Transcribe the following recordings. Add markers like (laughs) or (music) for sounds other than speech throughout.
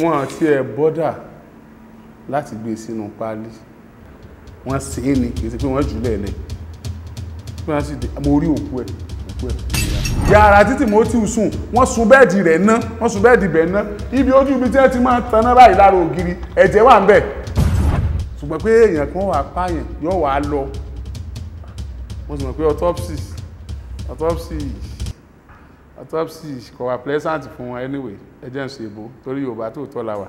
wọn àti ẹ̀ bọ́dà láti gbé e sínú páálí wọ́n sè é ni kì í ṣe pé wọ́n jù lẹ́ẹ̀lẹ́ bí wọ́n sì dé mo rí òkú ẹ̀ òkú ẹ̀ yàrá títí mo ti sùn wọ́n sun bẹ́ẹ̀dì rẹ̀ ná wọ́n sun bẹ́ẹ̀dì bẹ̀ ná ibi ojú ibi tí wọ́n ti máa ń taná báyìí lára ògiri ẹ̀jẹ̀ wà ń bẹ̀ ṣùgbọ́n pé èèyàn kan wà pààyàn yóò wà á lọ wọ́n sì mọ̀ pé autopsy autopsy autopsy kò wà pleasant fún wọn anyway ẹ jẹ́ ń ṣe èbó torí yorùbá tó tọ́ la wà.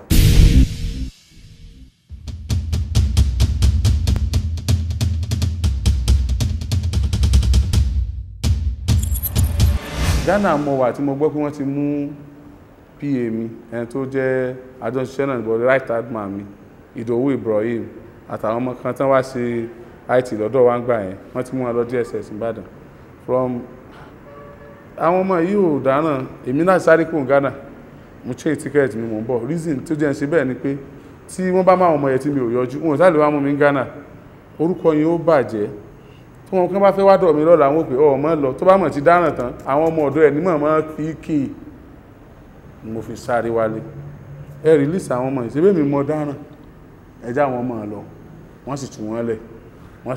Ghana mo wà tí mo gbọ́ pé wọ́n ti mú pa mi ẹni tó jẹ́ adọ́ṣiṣẹ́ náà níbo right hand man mi Ìdòwú Ibrahim àtàwọn ọmọ kan tán wá ṣe IT lọ́dọ̀ wa ń gbà yẹn wọ́n ti mú wọn lọ DSS Ìbàdàn from àwọn ọmọ yìí ò dáràn èmi náà sáré kò ń Ghana mo change ticket mi mò ń bọ̀ reason tó jẹ́ ń ṣe bẹ́ẹ̀ ni pé tí wọ́n bá máa ọmọ yẹn tí mi ò yọjú wọn ò sáré wá mú mi ń Ghana orúkọ yẹn ó bàjẹ́ tí wọn kí wọn bá fẹ́ wá dọ̀ mí lọ́la àwọn òpè ọmọ lọ tó bá mọ̀ ti dáràn tán àwọn ọmọ ọ̀dọ́ ẹ̀ ní mọ̀ mọ́ kí kì í mo fi sáré wálé ẹ rìlíìsì àwọn ọmọ ìṣẹ́bẹ̀ mi mọ dáràn ẹjá àwọn ọmọ lọ wọ́n sì tù wọ́n lẹ̀ wọ́n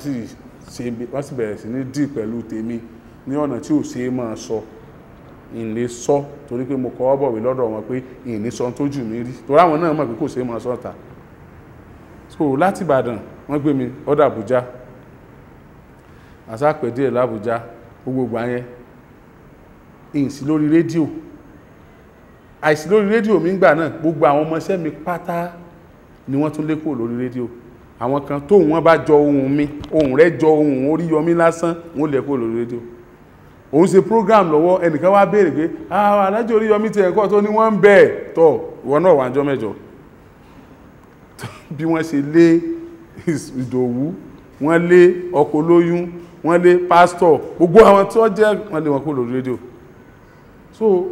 sì bẹ̀rẹ̀ sí ní dì pẹ̀lú tèmi ní ọ̀nà tí ò ṣe é máa sọ ìlé sọ torí pé mo kọ́ bọ̀wé lọ́dọ̀ wọn pé ìlé sọ tó jù mí rí torí àwọn náà mọ̀ pé kò ṣe é sọ́ta so láti Ìbàdàn wọ́n gbé mi ọ̀dà Àbújá àsápẹ̀ díẹ̀ lábújá gbogbo àyẹn ìsí lórí rédíò àìsí lórí rédíò mi ń gbà náà gbogbo àwọn ọmọọṣẹ́ mi pátá ni wọ́n tún lé kúrò lórí rédíò àwọn kan tó wọ́n bá jọ ohùn mi ohùn rẹ̀ jọ ohùn orí yọmí lásán wọ́n lé kúrò lórí rédíò òun ṣe program lọ́wọ́ ẹnìkan wá béèrè pé àwọn ah, alájò orí yọmí ti ẹ̀kọ́ tó ní wọ́n ń bẹ̀ tọ̀ ìwọ náà wàjọ́ mẹ́jọ bí wọ́n ṣe lé ìdòwú wọ́n lé ọkọ̀ olóyún wọ́n lé pásítọ̀ gbogbo àwọn tí wọ́n jẹ́ wọ́n lé wọn kó lórí rédíò so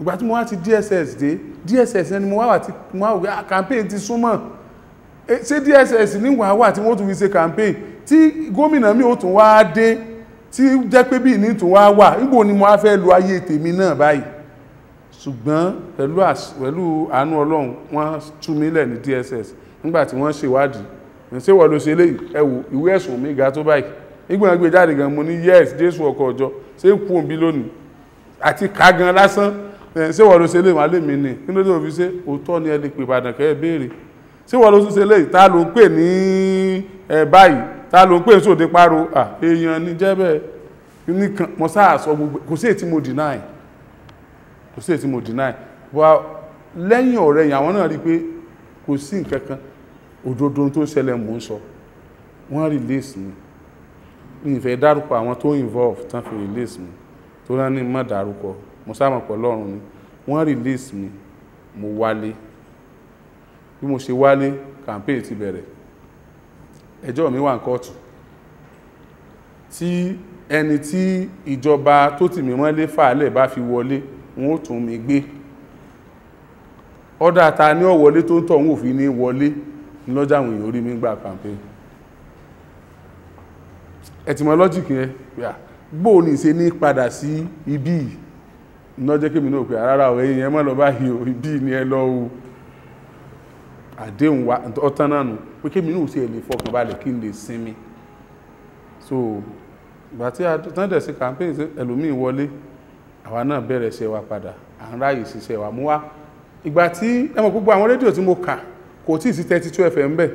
ìgbà tí mo wá ti DSS dé DSS ni mo wá wà tí mo wá wà ah, campaign ti súnmọ́ ṣé DSS ní wàá wà tí wọ́n tún fi ṣe campaign tí gómìnà mi ò tún wá dé tí jẹ́ pé bí ní tún wá wà nígbò ni mo á fẹ́ lo ayé tèmi náà báyìí ṣùgbọ́n pẹ̀lú àánú ọlọ́run wọ́n tú mílẹ̀ ní DSS nígbàtí wọ́n ṣèwádìí ní ṣé wọ́n ló ṣe léyìí ẹ wò ìwé ẹ̀sùn mi ga tó báyìí nígbà gbé e jáde gan mo ní yes jésù ọkọ̀ ọjọ́ ṣé kú òbí lónìí àti ká gan lásán ṣé wọ́n ló ṣe léyìí wálé mi ni kí ló dé òfin ṣe òótọ́ ni ẹ lè pè Ìbàdàn kẹ́ ẹ béèrè ṣé wọ́n ló ṣe léyìí ta ló ń pè ní ẹ báyìí ta ló ń pè sóde páro èèyàn ní jẹ́bẹ̀ nìkan mọ́ sáà sọ gbogbo kò sí ètí mo deny kò sí ètí mo deny wà lẹ́yìn ọ̀rẹ́ yìí àwọn náà rí pé kò sí nǹkan kan tó ṣẹlẹ̀ mò sọ wọ́n release mi ìfẹ́ dárúkọ àwọn tó involve tán fi release mi tó rán ní mọ́ dárúkọ mo sáàmọ̀ pọ̀ lọ́rùn ni wọ́n release mi mo wálé bí mo ṣe wálé campaign ti bẹ̀rẹ̀ ẹjọ́ mi wà ń kọ́ọ̀tù tí ẹni tí ìjọba tó tì mí mọ́lé fàálẹ̀ bá fi wọlé wọn ó tún mi gbé ọ́dà ta ní ọ̀wọlé tó ń tọ̀ wọn ò fi ní wọlé lọ́jà àwọn mi gbà kàmpé etymologic yẹn gbò ní ṣe ní padà sí ibi lọ́jẹ́ kí mi náà pé àrárá ọ̀rẹ́ yẹn mọ́ lọ báyìí ibi ni ẹ lọ́wọ́ àdéhùn ọ̀tán náà pé kémi náà ṣe lè fọkàn balẹ̀ kí n lè sinmi so ìgbà tí a tán dẹ̀ sí campaign ẹlòmíì wọlé àwa náà bẹ̀rẹ̀ ṣe wa padà à ń ráyè ṣiṣẹ́ wa mú wa ìgbà tí ẹ mọ̀ gbogbo àwọn rédíò tí mo kà kò tí ì sí thirty two fm bẹ́ẹ̀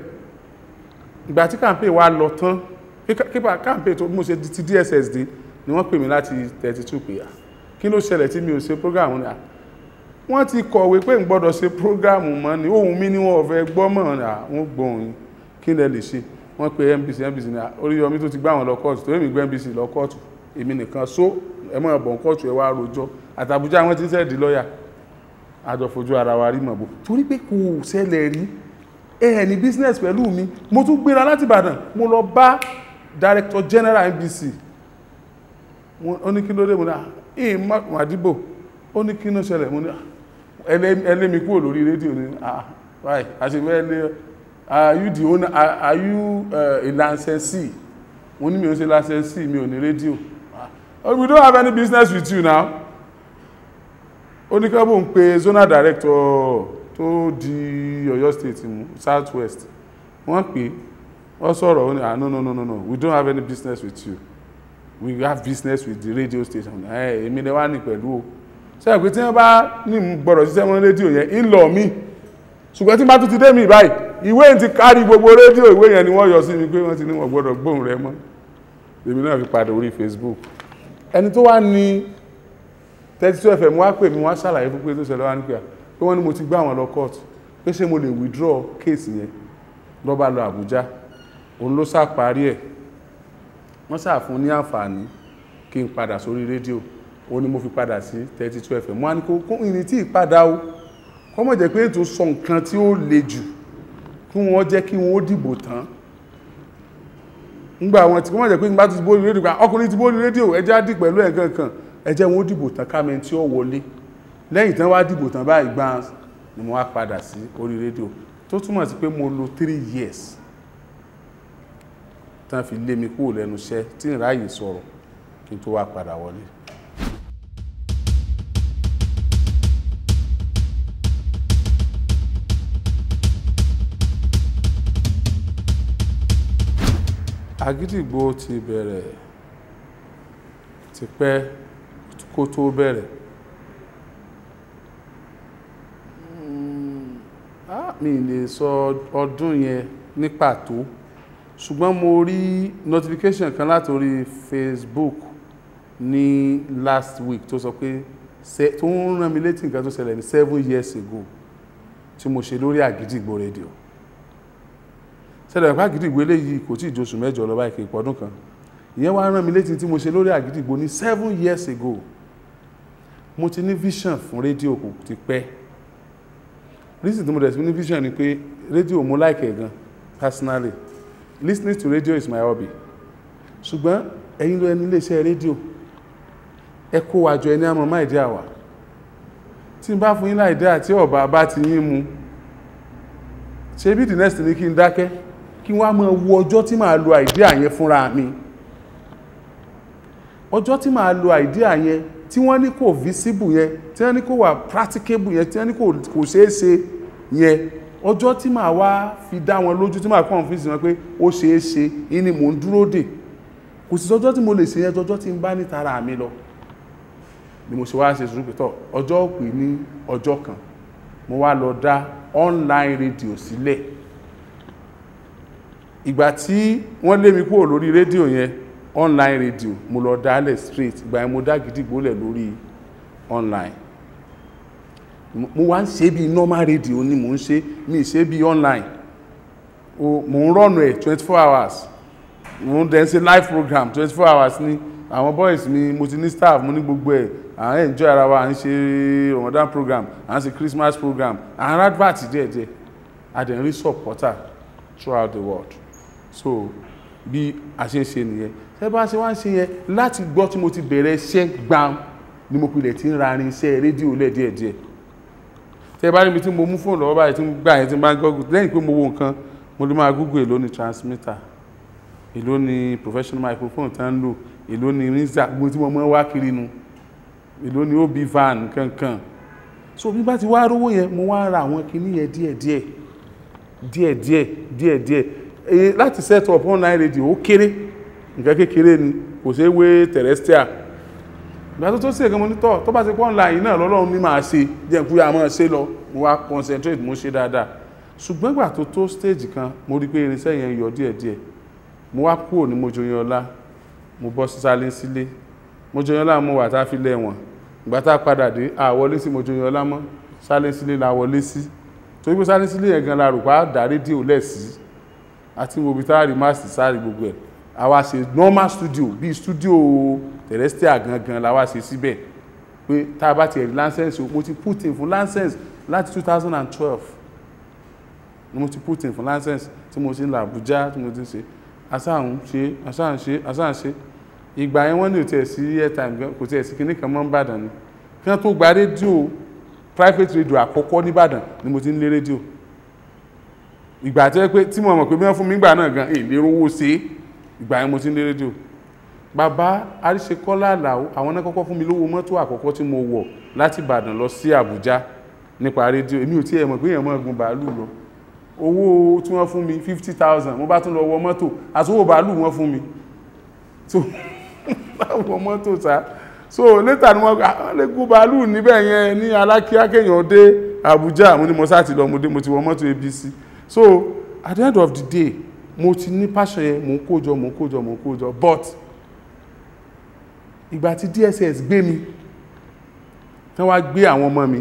ìgbà tí campaign wa lọ tán kípa campaign tó mo ṣe ti dss dé ni wọ́n pè mí láti thirty two pè á kí ló ṣẹlẹ̀ tí mi ò ṣe program náà wọ́n ti kọ̀wé pé ń gbọ́dọ̀ ṣe prógrámù mọ́ ni ohun mi ni wọ́n ọ̀fẹ́ gbọ́mọ̀ àwọn gbòhùn kí lẹ lè ṣe wọ́n pe NBC NBC ní Oríyọmí tó ti gbá àwọn lọ kóòtù tó èmi gbé NBC lọ kóòtù èmi nìkan só ẹ mọ̀ ọ̀bọ̀n kóòtù ẹ wá rojọ́ àtàbújá wọn ti sẹ́ẹ̀dì lọ́ọ̀yà àjọfojú ara wa rí mọ̀bò torí pé kò ṣẹlẹ̀ rí ẹ ní business pẹ̀lú mi mo tún gbéra láti Ìbàdàn mo lọ bá director general NBC ó ní kí ló dé mo ní à ìmọ̀ àdìbò ó mo ní à ẹlẹ́mi kúrò lórí rédíò ní àwáì àṣemẹ́ ẹlẹ́ are you the owner are you eh, a licensee mo mi ò ní rédíò ah, oh, we don't have any business with you now oníkẹ́bù ń pe zonal director tó di Ọ̀yọ́ state mú Southwest. wọ́n pè wọ́n sọ̀rọ̀ ah no no no no no we don't have any business with you we have business with the radio station ẹ̀ eh, èmi lẹ́wà ní pẹ̀lú o sẹ́yìn pé tí wọ́n bá ní gbọ́dọ̀ ṣiṣẹ́ mọ́ rédíò yẹn ìlọ mi ṣùgbọ́n tí bá tún ti dé mi báyìí ìwé ti kárí gbogbo rédíò ìwé yẹn ni wọ́n yọ sí mi pé wọ́n ti ní wọ́n gbọ́dọ̀ gbóhùn rẹ mọ́ èmi náà fi padà orí Facebook ẹni tó wá ní 32 FM wá pè mí wá ṣàlàyé fún pé tó ṣẹlẹ̀ wá ní pé pé wọ́n ní mo ti gbá àwọn lọ court pé ṣé mo lè withdraw case yẹn ló bá lọ Àbújá òun ló sá parí ẹ̀ wọ́n sá fún ní àǹfààní kí n padà sórí rédíò ó ní mo fi padà sí thirty two fm mo á ní kó kó ìrìn tí ìpadà o kọ́ mọ̀ jẹ́ pé ètò sọ nǹkan tí ó le jù kí wọ́n jẹ́ kí wọ́n dìbò tán ngbà àwọn tí kọ́ mọ̀ jẹ́ pé nígbà tó ti bóri rédíò ọkùnrin ti bóri rédíò ẹjẹ́ á dì pẹ̀lú ẹ̀kan kan ẹjẹ́ wọn ó dìbò tán kámẹ́ tí ó wọlé lẹ́yìn tán wá dìbò tán báyìí gbà ni mo wá padà sí orí rédíò tó túmọ̀ sí pé mo lò three years tán fi lé mi kúrò lẹ́nu iṣẹ́ tí ń ráàyè sọ̀rọ̀ kí n tó wá padà wọlé Àgídìgbo ti bẹ̀rẹ̀ tipẹ́ kó tó bẹ̀rẹ̀ hmm, ah, mi lè sọ ọdún yẹn ní pàtó ṣùgbọ́n mo rí notification kan láti Facebook ní last week tó sọ pé tó ń rán mi létí nǹkan tó ṣẹlẹ̀ ní seven years ago tí mo ṣe lórí Àgídìgbo rédíò sẹ́dọ̀ ìpá àgídìgbò eléyìí kò tí ì josù mẹ́jọ lọ báyìí kì í pọ̀dún kan ìyẹn wá rán mi létí tí mo ṣe lórí àgídìgbò ní seven years ago mo ti ní vision fún rédíò kò ti pẹ́ reason tí mo dẹ̀ sí ní vision ni pé rédíò mo láìkẹ̀ gan personally listening to radio is my hobby ṣùgbọ́n ẹ̀yin ló ẹni iléeṣẹ́ rédíò ẹ kó wa jọ ẹni àmọ́ máìdí àwà tí n bá fún yín láìdí àti ọ̀bà bá ti yín mu ṣebí the next ni kí n dákẹ́ kí wọ́n á máa wo ọjọ́ tí màá lo àìdíà yẹn fúnra mi ọjọ́ tí màá lo àìdíà yẹn tí wọ́n ní kò visible yẹn tí wọ́n ní kò wà practicable yẹn tí wọ́n ní kò ṣeé yẹn ọjọ́ tí màá wá fi dá wọn lójú tí màá convince wọn pé ó ṣeé ṣe ni mò ń dúró dè kò sí ọjọ́ tí mo lè ṣe yẹn ọjọ́ tí ń bá ní tara mi lọ ni mo ṣe wá ṣe sùúrù pẹ̀tọ̀ ọjọ́ òpin ní ọjọ́ kan mo wá lọ dá online radio sílẹ̀ si ìgbà tí wọ́n lé mi kúrò lórí rédíò yẹn online radio mo lọ dálẹ̀ straight ìgbà yẹn mo dá gidigbo lẹ̀ lórí online mo wá ń ṣe bí normal radio ni mo ń ṣe mi ṣe bí online o mo ń rọ̀nù ẹ̀ twenty four hours mo ń dẹ́n ṣe live program twenty four hours ni àwọn boys mi mo ti ní staff mo ní gbogbo ẹ̀ à ń enjoy ara wa à ń ṣe Ramadan program à ń ṣe Christmas program à ń advert díẹ̀díẹ̀ a dẹ̀ ń rí supporter throughout the world so bí a ṣe ń ṣe nìyẹn ṣe bá ṣe wá ń ṣe yẹn láti gbọ́ tí mo ti bẹ̀rẹ̀ iṣẹ́ gbam ni mo pilẹ̀ tí ń ra rin iṣẹ́ rédíò lẹ̀ díẹ̀díẹ̀ tẹ bá níbi tí mo mú fóònù lọ́wọ́ báyìí tí mo gbà yẹn tí mo bá ń gọ́gùn lẹ́yìn pé mo wo nǹkan mo lè máa google èló ni transmitter èló ni professional microphone tá ń lò èló ni rinza gbogbo tí mo mọ́ wá kiri nu èló ni ó bí van kankan so bí bá ti wá rówó yẹn mo wá ra àwọn kinní yẹn díẹ̀díẹ̀ díẹ̀díẹ̀ díẹ̀díẹ̀ Eh, láti set up online radio ó kéré nǹkan kékeré ni kò ṣe wé terrestrial ìgbà tó tó sí ẹ̀kan mo ní tọ́ tó bá ti pọ́ online náà lọ́lọ́run mi máa ṣe jẹ́ kú yà máa ṣe lọ mo wá concentrate mo ṣe dáadáa ṣùgbọ́n ìgbà tó tó stage kan mo rí pé irinṣẹ́ yẹn yọ díẹ̀díẹ̀ mo wá kúrò ní mojoyin ọlá mo bọ́ sísálé sílé mojoyin ọlá mo wà tá a fi lẹ́wọ̀n ìgbà tá a padà dé àwọlé sí mojoyin ọlá mọ́ sálé sílé la wọlé sí torí pé sálé sílé yẹn gan la rò pa dá rédíò lẹ̀ àti wo bí táàrí máàsì sáàrí gbogbo ẹ̀ àwa ṣe normal studio bíi studio terrestrial gangan la wá ṣe síbẹ̀ pé tá a bá ti ẹ̀rí license mo ti put in fún license láti 2012 ni mo ti put in fún license tí mo ṣe ń lọ Àbújá tí mo ti ń ṣe asáhùn ṣe asáhùn ṣe asáhùn ṣe ìgbà yẹn wọ́n ní ò tiẹ̀ sí airtime kò tiẹ̀ sí kinní kan mọ́ nìbàdàn ni kí wọ́n tó gba rédíò private radio àkọ́kọ́ nìbàdàn ni mo ti ń lé rédíò ìgbà tó yẹ pé tí mo mọ̀ pé mẹ́fún mi gbà náà gan èlé owó ṣe ìgbà yẹn mo ti ń dé rédíò bàbá àríṣekọ́lá àlàó àwọn náà kọ́kọ́ fún mi lówó mọ́tò àkọ́kọ́ tí mo wọ̀ láti ìbàdàn lọ sí àbújá nípa rédíò èmi ò tí ẹ̀ mọ̀ pé èèyàn mọ̀ gun bàálù lọ owó tí wọ́n fún mi fifty thousand mo bá tún lọ wọ mọ́tò àtúwò bàálù wọ́n fún mi so (laughs) wọ mọ́tò sá so later ni wọ́n ah, lè gun bàálù níbẹ̀ yẹn ní alákíá kéèyàn dé àbújá mo ní mo sá ti lọ mo dé mo ti wọ mọ́tò abc so at the end of the day mo ti ní passion yẹn mò ń kójọ mò ń kójọ mò ń kójọ but ìgbà tí DSS gbé mi tí wọ́n wá gbé àwọn ọmọ mi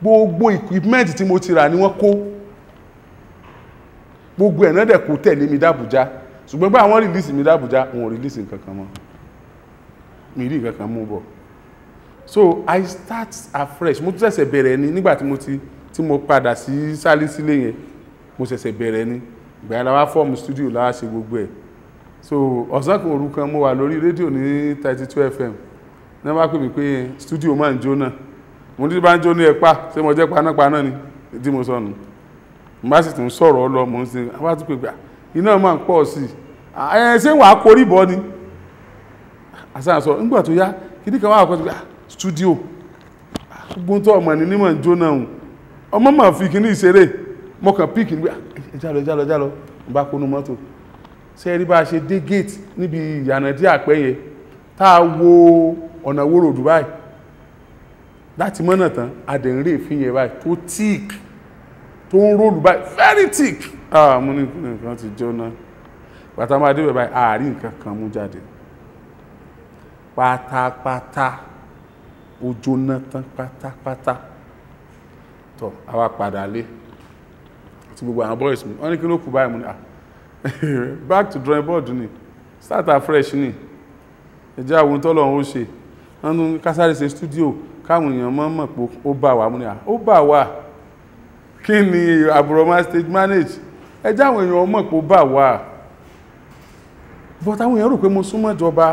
gbogbo equipment tí mo ti rà ni wọ́n kó gbogbo ẹ̀ náà dẹ̀ kó tẹ̀lé mi d'Àbújá ṣùgbọ́n bá àwọn release mi d'Àbújá wọn ò release nǹkan mọ́ mi rí nǹkan mú bọ̀ so I start afresh mo tún ṣẹ̀ṣẹ̀ bẹ̀rẹ̀ ni nígbà tí mo ti tí mo padà sí sálí yẹn mo sese bẹ̀rẹ̀ ni ìgbà la studio la gbogbo ẹ̀ so ọ̀sán kan mo wà lórí rédíò ní thirty fm ní wọ́n pè mí pé studio máa ń jóná mo ní bá ń jóná pa ṣé mo jẹ́ panápaná ni tí mo sọnù mo bá sì tún sọ̀rọ̀ lọ mo ń sin àwọn pé gbà iná máa ń pọ̀ sí i ni sọ tó yá kíní kan wà studio gbóntọ́ ọmọ ní mọ̀ ń jóná ọmọ mọ̀ fi kíní ìṣeré mo kàn píìkì nígbà ah, jálọ jálọ jálọ mo bá kónú mọ́tò ṣe rí bá a ṣe dé gate níbi ìyànà dí àpẹ́ yẹn tá a wo ọ̀nà wóró Dubai láti mọ́nà tán adẹ̀nrè fín yẹn báyìí tó tíìk tó ń rólù báyìí very tíìk ah, mo ní nǹkan ti jóná pàtà máa débẹ̀ báyìí àárín nǹkan kan mú jáde pátápátá ó jóná tán pátápátá tó àwa padà lé ti gbogbo àwọn boys mi wọ́n ní kí ló kù báyìí mú ní à ah, (laughs) back to drawing board ni start afresh ni ẹjẹ́ àwọn tọ́lọ̀ ó ṣe wọ́n ní ṣe studio káwọn èèyàn mọ́ mọ̀ pé ó bà wá mú ní à ah, ó bà wá kí ni àbúrọ̀mọ́ stage manage ẹjẹ́ àwọn èèyàn mọ̀ pé ó bà wá but àwọn èèyàn rò pé mo súnmọ́ ìjọba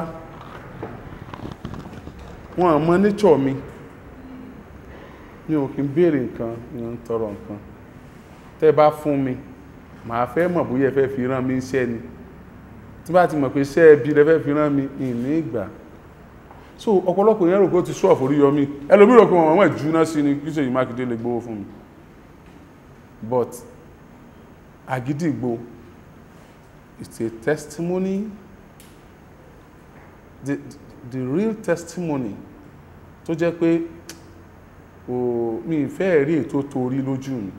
wọn àmọ́ nature mi mi ò kí ń béèrè nǹkan ìyẹn ń tọrọ nǹkan tẹ́ bá fún mi màá fẹ́ mọ̀ bóyá fẹ́ fi rán mi iṣẹ́ ni tí bá ti mọ̀ pé iṣẹ́ ẹbí rẹ fẹ́ fi rán mi ìní ìgbà so ọ̀pọ̀lọpọ̀ ìyẹn rò pé ó ti sọ́ọ̀fù orí yọmí ẹlòmí rò pé wọn wọ́n júná sí ni kí Ṣèyí Mákindé lè gbowó fún mi but Àgídìgbò it's a testimony the, the real testimony tó jẹ́ pé mi ìfẹ́ rí ètò torí lójú mi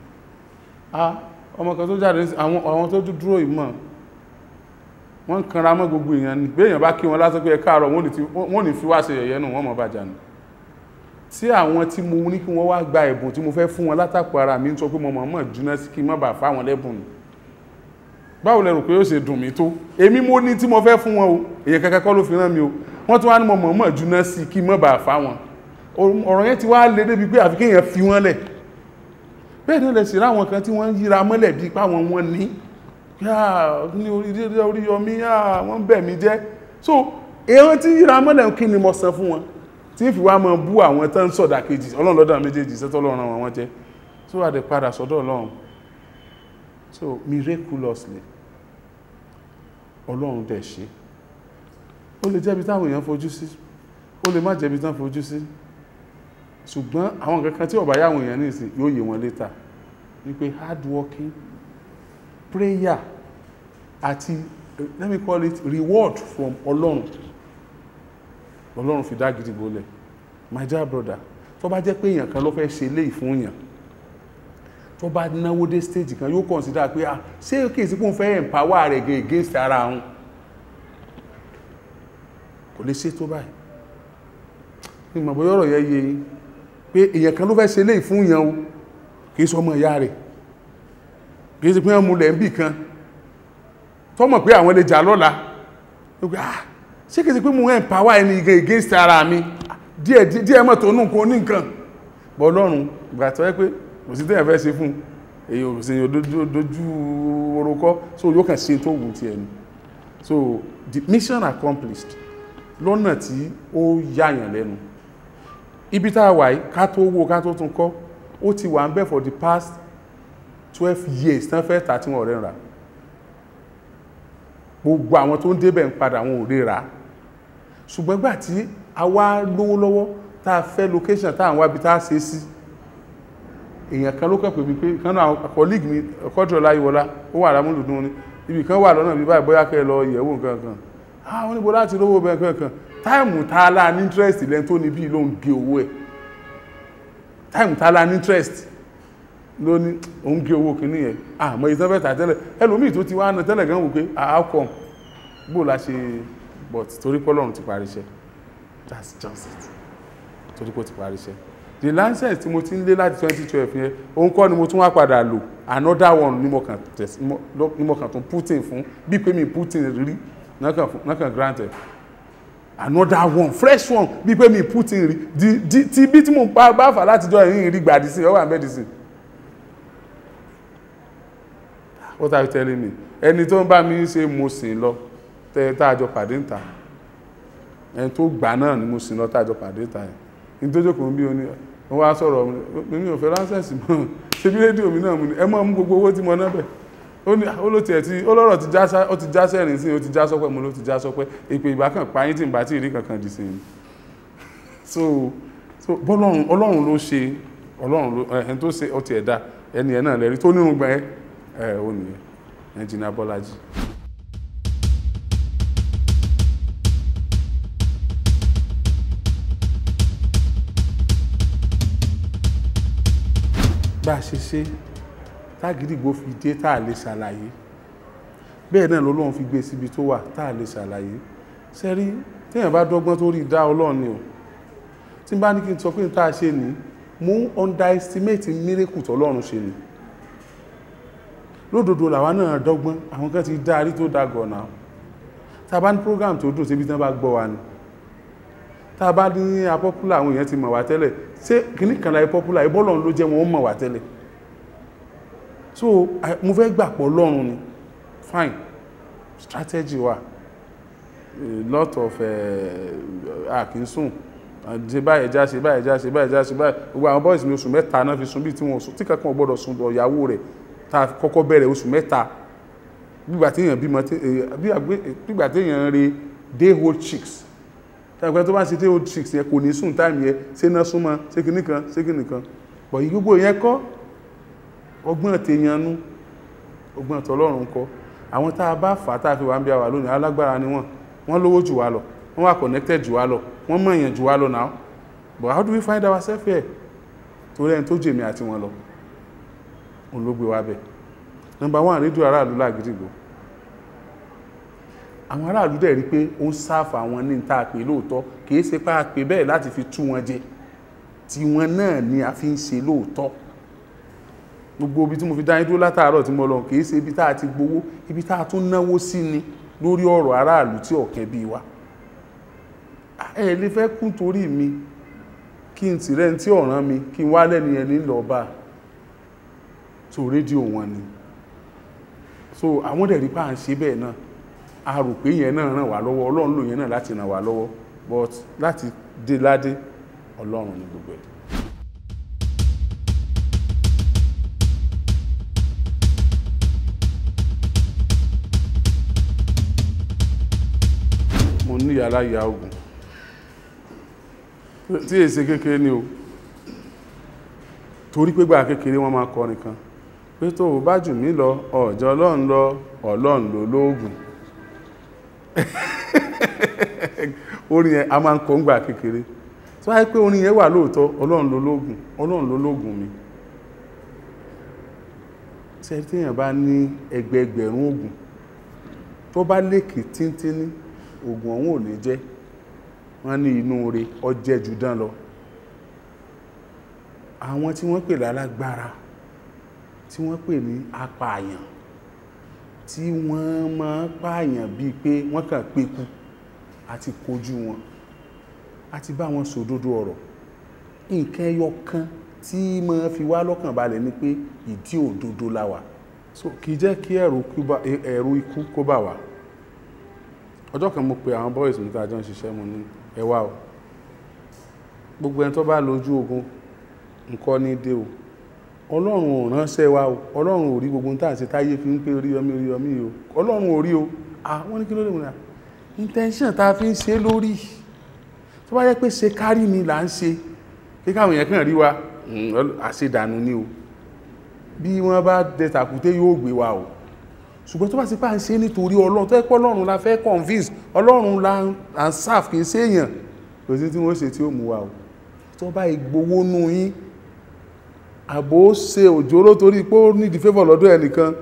ọmọ kan tó jáde àwọn ọ̀wọ́n tó dúró ìmọ̀ wọ́n kanra mọ́ gbogbo èèyàn ní pé èèyàn bá kí wọn lásán pé ẹ káàárọ̀ wọ́n ní fi wá ṣe yẹ̀yẹ́ nù wọ́n mọ̀ bàjá nù tí àwọn tí mo ní kí wọ́n wá gba ẹ̀bùn tí mo fẹ́ fún wọn látàpọ̀ ara mi ń sọ pé mo mọ̀ọ́mọ̀ jùnà sí kí n má bàa fáwọn lẹ́bùn nù báwo lẹ rò pé ó ṣe dùn mí tó èmi mo ní tí mo fẹ́ fún wọn o èyàn kankan kọ́ ló fi rán mi o wọ́n tún wá ní mo mọ̀ọ́mọ̀ jùnà sí kí n má bàa fáwọn ọ̀rọ̀ yẹn ti wá lé débi pé àfi kéèyàn fi wọ́n lẹ̀ bẹ́ẹ̀ náà lẹ sì ráwọn kan tí wọ́n ń yíra mọ́lẹ̀ bíi páwọn wọn ní ní orí orí yọmí wọ́n bẹ̀ mí jẹ́ so èèyàn tí yíra mọ́lẹ̀ kí ni mo san fún wọn tí fi wá máa bú àwọn tán sọ̀dà kejì ọlọ́run méjèèjì sẹ́tọ́ ọlọ́run àwọn jẹ́ so wà dé padà sọ́dọ̀ ọlọ́run so miraculously ọlọ́run dẹ̀ ṣe ó lè jẹ́bi táwọn èèyàn fojú sí ó lè má jẹ́bi tán fojú sí ṣùgbọ́n àwọn kankan tí ó bá yé àwọn èèyàn nìsìn yóò yé wọn létà wípé hard working prayer àti let me call it reward from ọlọ́run ọlọ́run fi dá gidi my dear brother tó bá jẹ́ pé èèyàn kan ló fẹ́ ṣe léyìí fún èèyàn tó bá náwó dé stage kan yóò consider pé ah ṣé kì í sí kó ń fẹ́ empower rẹ̀ gẹ̀ against ara òun kò lè ṣe tó báyìí ìmọ̀ bóyá yẹ yé pé èèyàn kan ló fẹ́ ṣe léyìí fún èèyàn o kì í sọ ọmọ ìyá rẹ̀ kì í sì pé wọ́n múlẹ̀ ń bì kan tọ́mọ̀ pé àwọn lè jà lọ́la ah, ṣé kì í sì pé mo ń pàwá ẹni ìgẹ̀ against ara mi díẹ̀ mọ̀ tó nùkọ́ ní nǹkan bọ́ lọ́rùn ìgbà tó yẹ pé kò sí tẹ́yàn fẹ́ ṣe fún èyí ò sì dojú orokọ́ so yóò kàn ṣe tó wù ti ẹnu so the mission accomplished lọ́nà tí ó yáyàn lẹ́nu ibi tá a wà yìí ká tó wó ká tó tún kọ́ ó ti wà ń bẹ̀ for the past twelve years tán fẹ́ tà tí wọ́n rẹ̀ ń rà gbogbo àwọn tó ń débẹ̀ ń padà wọn ò ríra ṣùgbọ́n gbà tí a wá lówó lọ́wọ́ tá a fẹ́ location tá à ń wá ibi tá a ṣe sí èèyàn kan ló kàn pè mí pé kánú àwọn colleague mi kọ́dùrọ̀ láyéwọlá ó wà lámúlùdún ni ibì kan wà lọ́nà bíbá ìbọ́yá kẹ́ lọ ìyẹ̀wò nǹkan kan ah wọ́n níbo láti lówó bẹ́ẹ̀ kankan táìmù tá a láà ní interest lẹ́n tó ní bíi ló ń gé owó ẹ̀ táìmù tá a láà ní interest ló ní òun gé owó kìíní yẹn àmọ́ ìtàn fẹ́ tà tẹ́lẹ̀ ẹlòmíì tó ti wá ná tẹ́lẹ̀ gan wò pé ah, how come bó la ṣe but torí pé Ọlọ́run ti parí iṣẹ́ that's just it torí pé ó ti parí iṣẹ́ the license tí mo ti ń lé láti twenty twelve yẹn òun kọ́ ni mo tún wá padà lò another one ni mo kàn tẹ̀ ni mo kàn tún putin fún bí pé mi putin rí náà kàn another one fresh one bí pé mi put in rí di di ti bí tí mo pa bá fà látijọ́ ẹ̀yìn rí gbàdí sí ọwọ́ àmẹ́dì sí what are you telling me ẹni tó ń bá mi ṣe mo sìn lọ tẹ́ táàjọ pàdé ìta ẹni tó gbà náà ni mo sìn lọ táàjọ pàdé ìta ẹ̀ ní tó jókòó bí oní wọ́n wá sọ̀rọ̀ mi ò fẹ́ ránṣẹ́sì mọ́ (laughs) ṣe bí rédíò mi náà mú ni ẹ mọ́ mú gbogbo owó tí mo náà bẹ̀ ó ló tiẹ̀ tí ó lọ́rọ̀ ti já sẹ́rìn sí ó ti já sọ́pẹ́ mo ló ti já sọ́pẹ́ ìpè ìbákan pààyín tí n bá tí ìrí kankan dì sí ni so so bọ́lọ́run ọlọ́run ló ṣe ọlọ́run ló ẹni tó ṣe ọtí ẹ̀dá ẹni ẹ̀ náà lẹ́rí tó nírun gbọ́n ẹ ò nìyẹn ẹnjìnà Bọ́lájí. bá a ṣe ṣe tágídígbò fi dé tá a lè ṣàlàyé bẹ́ẹ̀ náà lọ́lọ́run fi gbé e síbi tó wà tá a lè ṣàlàyé sẹ́rí téèyàn bá dọ́gbọ́n tó rí dá ọlọ́run ni o tí n bá ní kí n sọ pé n tá a ṣe ni mo ń underestimate miracle tọ́lọ́run ṣe ni lódodo làwa náà dọ́gbọ́n àwọn kan ti dá rí tó dàgọ̀ náà tá a bá ní program tó dùn síbi tí wọ́n bá gbọ́ wa ni tá a bá ní apọ́pùlà àwọn èèyàn ti mọ̀ wá tẹ́lẹ̀ ṣé kìnnìkan láì pọ́pùlà ìbọ́lọ́run ló jẹ́ wọn ó mọ̀ wá tẹ́lẹ̀ so mo fẹ́ gbàpọ̀ lọ́run ni fine strategy wa lot of àkínsùn eh, ṣe báyìí já ṣe báyìí já ṣe báyìí já ṣe báyìí gbogbo àwọn boys mi oṣù mẹ́ta náà fi sùn bí tí wọ́n sùn tí kankan gbọ́dọ̀ sùn ọ̀yàwó rẹ̀ ta kọ́kọ́ bẹ̀rẹ̀ oṣù mẹ́ta bígbà tí èèyàn bímọ eh, bígbà tí èèyàn re day old chicks tàbí tó bá ṣe day old chicks yẹn kò ní sùn táìmù yẹn ṣé náà súnmọ́ ṣé kìnnìkan ṣé kìnnìkan bọ̀ yìí gbogbo yẹn kọ́ ọgbọ́n tèèyànú ọgbọ́n tọlọ́run kọ́ àwọn tá bá fà á wà ń bí a lónìí alágbára ni wọ́n wọ́n lówó jù wá lọ wọ́n wà connected jù wá lọ wọ́n mọ̀ èèyàn jù wá lọ náà but how do we find ourselves here torí ẹni tó jèmi àti wọn lọ òun ló gbé wa bẹ̀ number one rédíò aráàlú làgídìgbò àwọn aráàlú dẹ̀ rí pé ó ń sáfà wọn ní ta àpè lóòótọ́ kì í ṣe pé a pè bẹ́ẹ̀ láti fi tú wọn jẹ tiwọn náà ni a fi ń ṣe lóòótọ́ gbogbo ibi tí mo fi dá yín dúró látàárọ̀ tí mo lọ kì í ṣe ibi tá a ti gbowó ibi tá a tún náwó sí ni lórí ọ̀rọ̀ aráàlú tí ọ̀kẹ́ bí wa ẹ lè fẹ́ kún torí mi kí n tìrẹ́ tí ọ̀ràn mi kí n wá lẹ́ni ẹni lọ bá so rédíò wọn ni so àwọn dẹ̀ rí pa à ń ṣe bẹ́ẹ̀ náà a rò pé yẹn náà ràn wá lọ́wọ́ ọlọ́run lò yẹn náà láti ràn wá lọ́wọ́ but láti dé ládé ọlọ́run ni gbogbo ẹ̀ mo ní yàrá ìyá ogun tí èsè kékeré ni o torí pé gbà kékeré wọ́n máa kọ nìkan pé tó o bá jù mí lọ ọ̀jọ́ ọlọ́run lọ ọlọ́run ló lóògùn (laughs) orin yẹn a máa ń kọ ń gbà kékeré tó wáyé pé orin yẹn wà lóòótọ́ ọlọ́run ló lóògùn ọlọ́run ló lóògùn mi ṣe tí èèyàn bá ní ẹgbẹẹgbẹ̀rún oògùn tó bá lékè tíntínní oògùn ọ̀hún ò ní jẹ́ wọ́n ní inú re ọjẹ́ jù dán lọ àwọn tí wọ́n pè lálágbára tí wọ́n pè ní apààyàn tí wọ́n máa pààyàn bíi pé wọ́n kàn pékú àti kojú wọn àti bá wọn sòdodo ọ̀rọ̀ nǹkan ẹyọ tí mo fi wá lọ́kàn balẹ̀ ni pé ìdí òdodo la wà so kì í jẹ́ kí ẹ̀rù ikú kó bà wá ọjọ́ kan mo pe àwọn boys mi tá a jọ ń ṣiṣẹ́ mo ní ẹ wá o gbogbo ẹni tó bá lójú ogun nǹkan ní dé o ọlọ́run ò ránṣẹ́ wa o ọlọ́run ò rí gbogbo tá à ń ṣe táyé fi ń pé orí ọmí orí ọmí o ọlọ́run ò rí o àwọn ní kí ló lè múra intention tá a fi ń ṣe lórí tó bá yẹ pé ṣe kárí mi là ń ṣe kí káwọn èèyàn kàn rí wa àṣedànù ni o bí wọ́n bá dẹ tàkùté yóò gbé wa o ṣùgbọ́n tó bá ti pa ń ṣe nítorí ọlọ́run tó ẹ́ pọ́ la fẹ́ convince ọlọ́run la ń serve kì í ṣe èèyàn kò sí tí wọ́n ṣe tí ó mú wa o tó bá ìgbowó nú yín àbò ṣe òjòrò torí pé ó nídìí favour lọ́dọ̀ ẹnìkan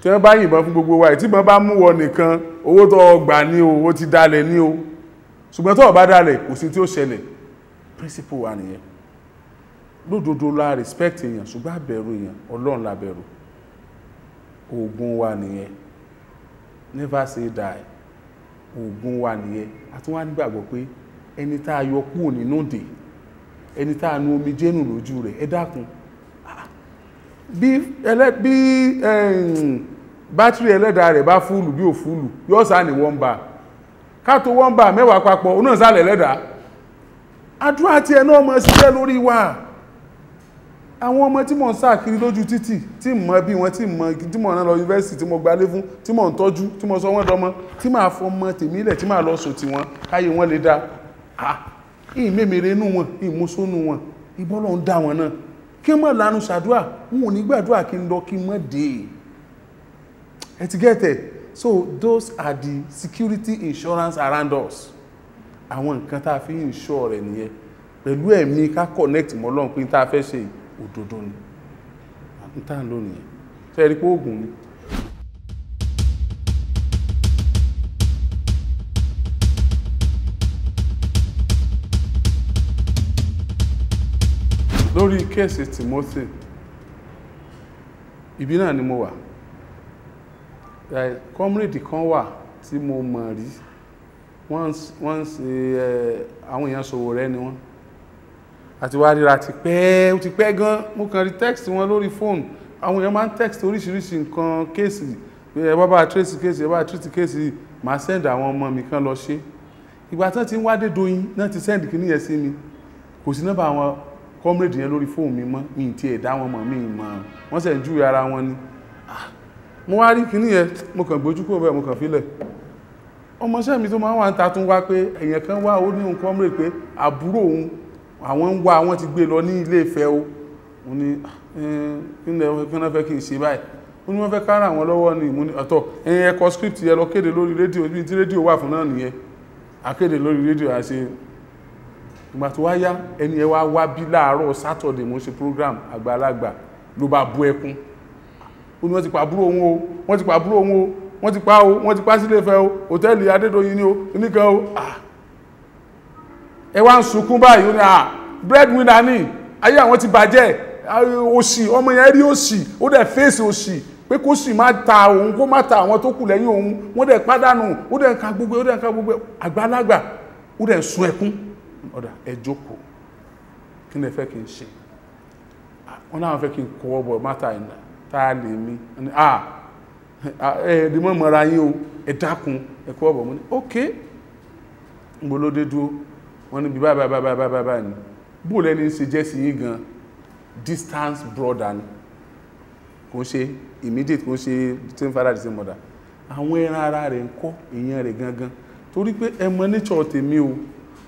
tí wọ́n bá yìnbọn fún gbogbo wa ìtìbọn bá mú wọ nìkan owó tó gbà ní o owó ti dalẹ̀ ní o ṣùgbọ́n tó o bá dalẹ̀ kò sí tí ó ṣẹlẹ̀ principle wa nìyẹn lódodo la respect èèyàn ṣùgbọ́n àbẹ̀rù èèyàn ọlọ́run la bẹ̀rù ogun wa nìyẹn never say die ogun wa nìyẹn a tún wá nígbàgbọ́ pé ẹni tá a yọ kúrò nínú dè ẹni tá a nu omi jẹ́nu lójú rẹ̀ ẹ dákun ah, bí bátìrì ẹlẹ́dà rẹ̀ bá fúlù bí ò fúlù yóò sá ní wọ́n bá ká wọ́n bá mẹ́wàá papọ̀ onáà sálẹ̀ ẹlẹ́dàá àdúrà ẹ náà mọ̀ sílẹ̀ lórí wa. àwọn ọmọ tí mò ń sáàkiri lójú títì tí mọ bí wọn tí mọ tí mò ń lọ yunifásitì tí mo gbalé fún tí mò ń tọ́jú tí mo sọ wọ́n dọmọ tí màá fọmọ tèmi lẹ̀ tí màá lọ sọ tiwọn káyé wọn lè dáa à ìyìn mèmèrè inú wọn ìmúsónú wọn ìbọn ń dá wọn náà kí mọ̀ lanu ṣàdúrà wọn ò ní gbàdúrà kí n lọ kí mọ̀ dé ẹ ti gẹ́tẹ̀ so those are the security insurance around us àwọn nǹkan tá a fi ń ṣọ́ rẹ̀ nìyẹn pẹ̀lú ẹ̀mí ká connect mọ́ Ọlọ́run pé tá a fẹ́ ṣe yìí òdodo ni n tá à ń lò nìyẹn ṣe é rí pé oògùn ni. lórí kéèsì Timothy ibi náà ni mo wà kọ́mírèdì kan wà tí mo mọ̀ rí wọ́n ń ṣe àwọn èèyàn ṣòwò rẹ ni wọ́n àti wá ríra ti pẹ́ ó ti pẹ́ gan mo kàn rí text wọn lórí fóònù àwọn èèyàn máa ń text oríṣiríṣi nǹkan kéèsì ẹ bá bá tracy kéèsì ẹ bá tracy kéèsì máa send àwọn ọmọ mi kan lọ ṣe ìgbà tán ti ń wádé doyin náà ti send kìíní yẹn sí mi kò sí nọ́mbà àwọn comrade yẹn lórí fóònù mi mọ́ mi ì tiẹ̀ dá wọn mọ̀ mi ì mọ̀ wọ́n sẹ̀ ń júwe ara wọn ni ah! mo wá rí kìíní yẹn mo kàn gbójú kúrò bẹ́ẹ̀ mo kàn fílẹ̀ ọmọọṣẹ́ mi tó máa ń wà ń ta tún wá pé èèyàn kan wá ó ní òun comrade pé àbúrò òun àwọn ń wá àwọn ti gbé lọ ní ilé Ifẹ̀ o mo ní ilẹ̀ ah, ìfẹ́ná fẹ́ kí n ṣe báyìí ó ní wọ́n fẹ́ kára àwọn lọ́wọ́ ní ìmúni ọ̀tọ̀ ẹ̀yìn ẹ kọ script yẹ lọ kéde lórí rédíò ibi tí rédíò wà fún náà nìyẹn akéde lórí rédíò àṣẹ ìgbà tó wá yá ẹni ẹ wá wá bí láàárọ̀ Saturday mo ṣe program àgbàlagbà ló bá bú ẹkún ó ní wọ́n ti pa àbúrò òun o wọ́n ti pa àbúrò òun o wọ́n ti pa o wọ́n sílé Ifẹ̀ o hòtẹ́ẹ̀lì Adédoyin ni o oníkan o ah ẹ wá ń sunkún báyìí ó ní à ah, breadwinner ni ayé àwọn ti bàjẹ́ òṣì ọmọ yẹn rí òṣì ó dẹ̀ fèsì òṣì pé kó sì má ta òun kó má ta àwọn tó kù lẹ́yìn òun wọ́n dẹ̀ pàdánù ó dẹ̀ ń ka gbogbo ó dẹ̀ ń ka gbogbo àgbàlagbà ó dẹ̀ sun ẹkún ọ̀dà ẹ jókòó kí ni ẹ fẹ́ kí n ṣe wọ́n náà fẹ́ kí n kọ́ ọ̀bọ̀ mátà ìnà tá a lè mí ah ẹ̀ẹ́dì mọ́ mọ́ra yín o ẹ dákun ẹ kọ́ ọ̀bọ̀ mọ́ ok ń bolódé dúró wọ́n níbi báyìí báyìí báyìí báyìí báyìí ni bó lẹ́ni ṣe jẹ́ sí yín gan distance brother ni kò ṣe immediate kò ṣe same father the same mother àwọn ẹran ara rẹ̀ ń kọ́ èèyàn rẹ̀ gangan torí pé ẹ mọ nature tèmi o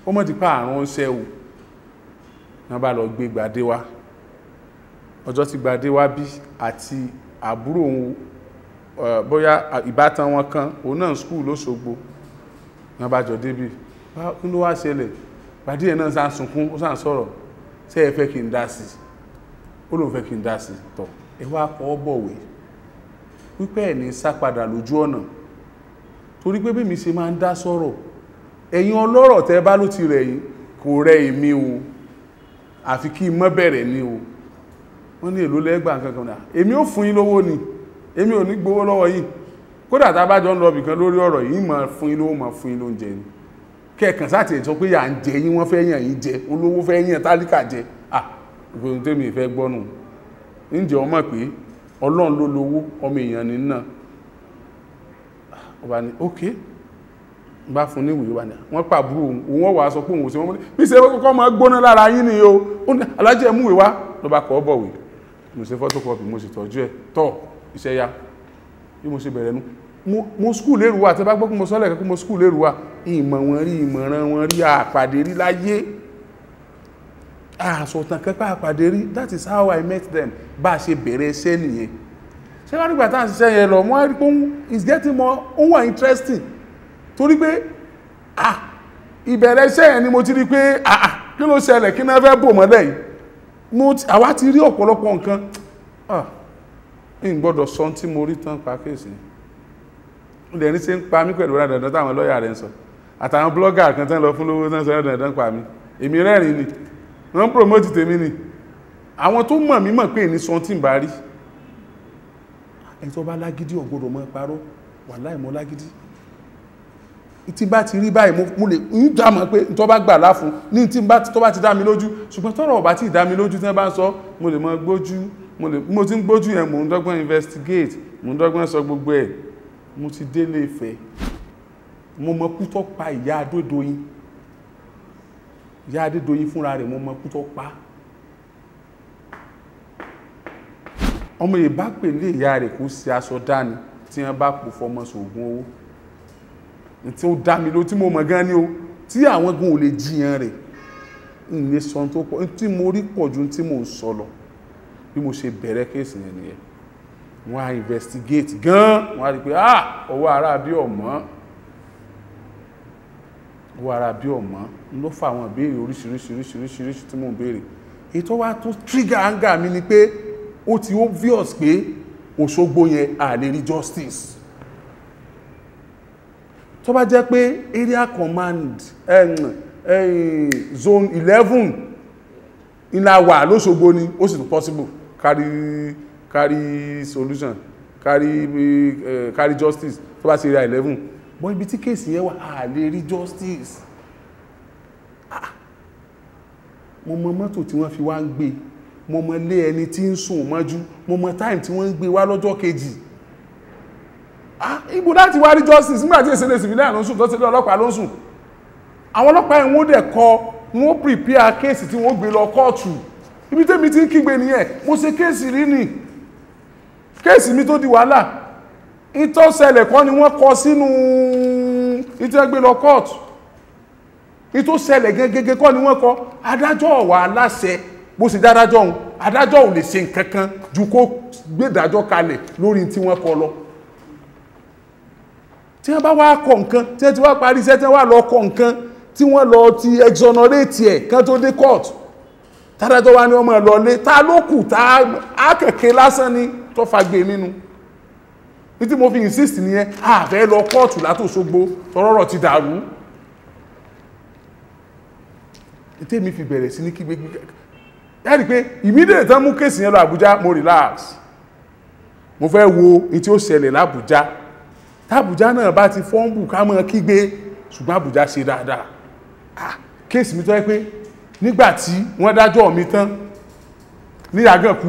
ọmọ ti pa àrùn ọṣẹ o wọ́n bá lọ gbé gbàdé wá ọjọ́ tí gbàdé wá bí àti àbúrò òun bóyá ìbátan wọn kan òun náà school lóṣogbo wọ́n bá jọ débi kí ló wá ṣẹlẹ̀ pàdé yẹn náà sáà sunkún ẹ fẹ́ kí n dá sí ó fẹ́ kí n sí wípé sa sápadà lójú ọ̀nà torí pé bí mi se máa ń dá sọ̀rọ̀ ẹ̀yin ọlọ́rọ̀ tẹ́ bá ló rẹ̀ kò rẹ̀ o àfi kí o ní èlò kankan náà èmi ò fún yín ni èmi ò ní gbowó yìí kódà tá a bá jọ ń lọ bìkan lórí yìí máa fún yín lówó máa fún yín kẹ́ẹ̀kan sáti ẹ̀ sọ pé à ń jẹ yín wọ́n fẹ́ yàn yín jẹ olówó fẹ́ yàn tálíkà jẹ à ìgbóhun tèmi ìfẹ́ gbọ́nù ǹjẹ́ ọmọ pé ọlọ́run ló lówó ọmọ èèyàn ní náà ọba ni ok bá fún ní ìwòye wà ní wọ́n pàbúrò òun wọ́n wà sọ pé òun sí wọ́n mọ́ bí ṣe kọ́kọ́ máa gbóná lára yín ni o alájẹ́ ẹmúwèé wá ló bá kọ́ bọ̀wé mo ṣe photocopy mo sì tọ́jú ẹ̀ tọ́ iṣẹ́ ya bí mo ṣe bẹ̀rẹ̀ nú mo skúl èrò wà tí bá gbọ́kún mo sọ́lẹ̀ kẹ́kún mo skúl èrò wà ìmọ̀ wọn rí ìmọ̀ràn wọn rí àpàdé rí láyé àsọ̀tàn kẹ́kọ́ àpàdé rí that is how I met them bá ṣe bẹ̀rẹ̀ iṣẹ́ nìyẹn ṣe wá nígbà tá à ń ṣiṣẹ́ yẹn lọ wọ́n rí pé getting more ó interesting torí pé ah ìbẹ̀rẹ̀ iṣẹ́ yẹn ni mo ti rí pé ah kí ló ṣẹlẹ̀ kí náà fẹ́ bò mọ́lẹ̀ yìí àwa ti rí ọ̀pọ̀lọpọ̀ nǹkan ah n gbọ́dọ̀ sọ tí mo rí tán pàkíyèsí ilẹ̀ ní ṣe ń pa mí pẹ̀lú dandan táwọn lọ́yà rẹ̀ ń sọ àtàwọn blọ́gà kan tán lọ fún lówó tán sọ dandan pa mí èmi rẹ́rìn ni wọ́n ń promote tèmi ni àwọn tó mọ̀ mí mọ̀ pé ní sọ tí ń bá rí ẹni tó bá lágídí ọ̀gbọ́dọ̀ mọ́ parọ́ wà láìmọ́ lágídí tí bá ti rí báyìí mo lè ń dámọ̀ pé tó bá gbà láfún ní tí tó bá ti dá mi lójú ṣùgbọ́n tọ́rọ̀ ọ̀bá tí ìdá mi lójú tí wọ́n bá ń sọ mo lè mọ́ gbójú mo ti ń gbójú yẹn mò ń dọ́gbọ́n investigate mò ń dọ́gbọ́n sọ gbogbo ẹ̀ mo ti délé Ifẹ̀ mo mọ kú tó pa ìyá Adédoyin ìyá Adédoyin fúnra rẹ̀ mo mọ kú tó pa ọmọ ìbá pèlè ìyá rẹ̀ kó ṣe aṣọ dání tí wọ́n bá pò fọmọ ṣògùn owó tí ó dá mi ló tí mo mọ̀ gan ni o tí àwọn gan ò lè jiyàn rẹ̀ ìyẹn sọ tó pọ̀ tí mo rí pọ̀ ju tí mo sọ lọ bí mo ṣe bẹ̀rẹ̀ kéèsì yẹn nìyẹn wọ́n á investigate gan wọ́n á rí pé ah ọwọ́ ara bí ọ̀mọ́ ọwọ́ ara bí ọ̀mọ́ ló fà àwọn ìbéèrè oríṣiríṣiríṣiríṣi tí mò ń béèrè ètò wa tó trigger anger mi ni pé ó ti obvious pé Òṣogbo yẹn a lè rí justice tó bá jẹ́ pé area command eh, eh, zone 11 ìlà wà lóṣogbo ni ó sì tún possible kárí Carry solution carry uh, eh, eh, kárí justice tó bá ṣe ra eleven But ibi tí kéèsì yẹn wà á lè rí justice ah, mo mọ mọ́tò tí wọ́n fi wá ń gbé mo mọ lé ẹni tí ń sùn mọ́jú mo mọ time tí wọ́n ń gbé wá lọ́jọ́ kejì ah, ibo láti wá rí justice nígbà tí ìṣẹ̀lẹ̀ civilian ló ń sùn tó ṣẹlẹ̀ ọlọ́pàá ló ń sùn àwọn ọlọ́pàá yẹn wọ́n dẹ̀ kọ wọ́n prepare case tí wọ́n gbé lọ kóòtù ibi tẹ́mi ti ń kígbe nìyẹn mo ṣe case rí nìyẹn kéèsì mi tó di wàhálà ìtọ́sẹlẹ̀ kọ́ ni wọ́n kọ sínú ìtẹ́gbé lọ kọ́ọ̀tù ìtọ́sẹlẹ̀ gẹ́gẹ́gẹ́ kọ́ ni wọ́n kọ adájọ́ wà láṣẹ bó sì dádájọ́ òun adájọ́ ò lè ṣe nkankan ju kó gbédájọ́ kalẹ̀ lórí tí wọ́n kọ lọ tí wọ́n bá wá kọ nǹkan tí wọ́n ti wá parí iṣẹ́ tí wọ́n wá lọ kọ nǹkan tí wọ́n lọ ti exonerate ẹ̀ kán tó dé court tádájọ́ wá ní ọmọ ẹ̀ lọ lé ta ló kù ta akẹ̀kẹ́ lásán ni tó fagbe mínú títí mo fi insist nìyẹn àfẹ́ lọ kóòtù látòṣogbo tọrọrọ ti dàrú tèmi fi bẹ̀rẹ̀ sí ní kígbe ẹ̀rí pé immediate tán mú kéèsì yẹn lọ Àbújá mo relax mo fẹ́ wo in tí ó ṣẹlẹ̀ lábújá tábújá náà bá ti fọ́nbù ká mọ́ kígbe ṣùgbọ́n Àbújá ṣe dáadáa ah kéèsì mi tó yẹ pé nígbàtí wọ́n dájọ́ mi tán ní àgànkú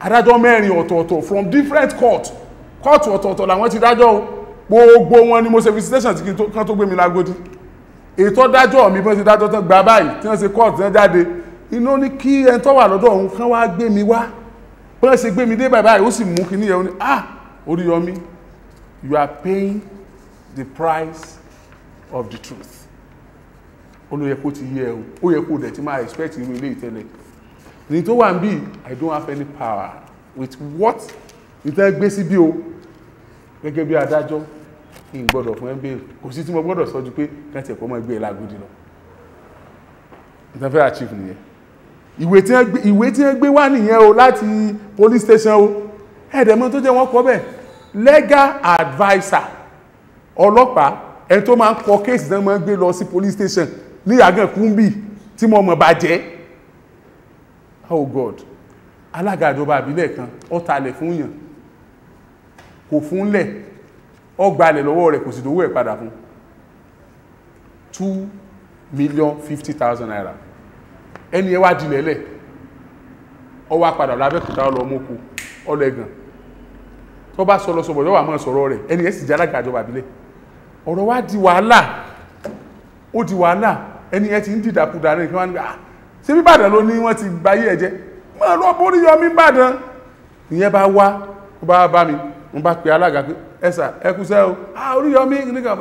adájọ́ mẹ́rin ọ̀tọ̀ọ̀tọ̀ from different court kóòtù ọ̀tọ̀ọ̀tọ̀ làwọn ti dájọ́ gbogbo wọn ni mo ṣe visitation tí kan tó gbé mi lágódí ètò dájọ́ mi bí wọ́n ti dájọ́ tán gbà báyìí tí wọ́n ṣe kóòtù tán jáde iná ní kí ẹni tó wà lọ́dọ̀ òun kán wá gbé mi wá bí wọ́n ṣe gbé mi dé báyìí ó sì mú kí ní ẹ̀hún ni ah Oríyọmí you are paying the price of the truth ó ló yẹ kó ti yẹ o ó yẹ kó dẹ̀ ti máa expect irú ilé ìtẹ́lẹ̀ ní tó wà ń bí i don't have any power with what ìtẹ́ gbé sí bí o gẹ́gẹ́ bí adájọ́ kí n gbọ́dọ̀ fún ẹgbẹ́ kò sí tí mo gbọ́dọ̀ sọ ju pé kẹ́ntì ẹ̀kọ́ mọ́ ẹgbẹ́ lágúdí lọ ìtẹ́ fẹ́ achieve nìyẹn ìwé tí wọ́n gbé wá nìyẹn o láti police station o ẹ̀ẹ́dẹ̀mọ́ tó jẹ́ wọ́n kọ́ bẹ́ẹ̀ legal adviser ọlọ́pàá ẹni tó máa ń kọ kéèsì náà máa ń gbé lọ sí police station ní ìyàgàn kúńbì tí mo mọ̀ bàjẹ́ oh god alága ìjọba àbílẹ̀ kan ó talẹ̀ fún yàn kò fún lẹ̀ ó gbalẹ̀ lọ́wọ́ rẹ̀ kò sì dówó ẹ̀ padà fún two million fifty thousand naira ẹni ẹ wá dilẹ̀ lẹ̀ ó wá padà lábẹ́kúta ọlọ́mọ́kù ọlẹ́gàn tó bá sọ lọ sọ bọ̀dọ̀ wà mọ́ sọ̀rọ̀ rẹ̀ ẹni ẹ sì jẹ́ alága àbílẹ̀ ọ̀rọ̀ wá di wàhálà ó di wàhálà ẹni ẹ ti ń dìdàkudà rẹ̀ kí wọ́n á ní ah, ṣé bíbàdàn ló ní wọ́n ti gbayé ẹ̀ jẹ́ máa lọ borí yọmí bàdàn ìyẹn bá wá ó bá bá mi mo bá pe alága pé ẹ̀sà ẹkúṣẹ́ o orí yọmí nìkan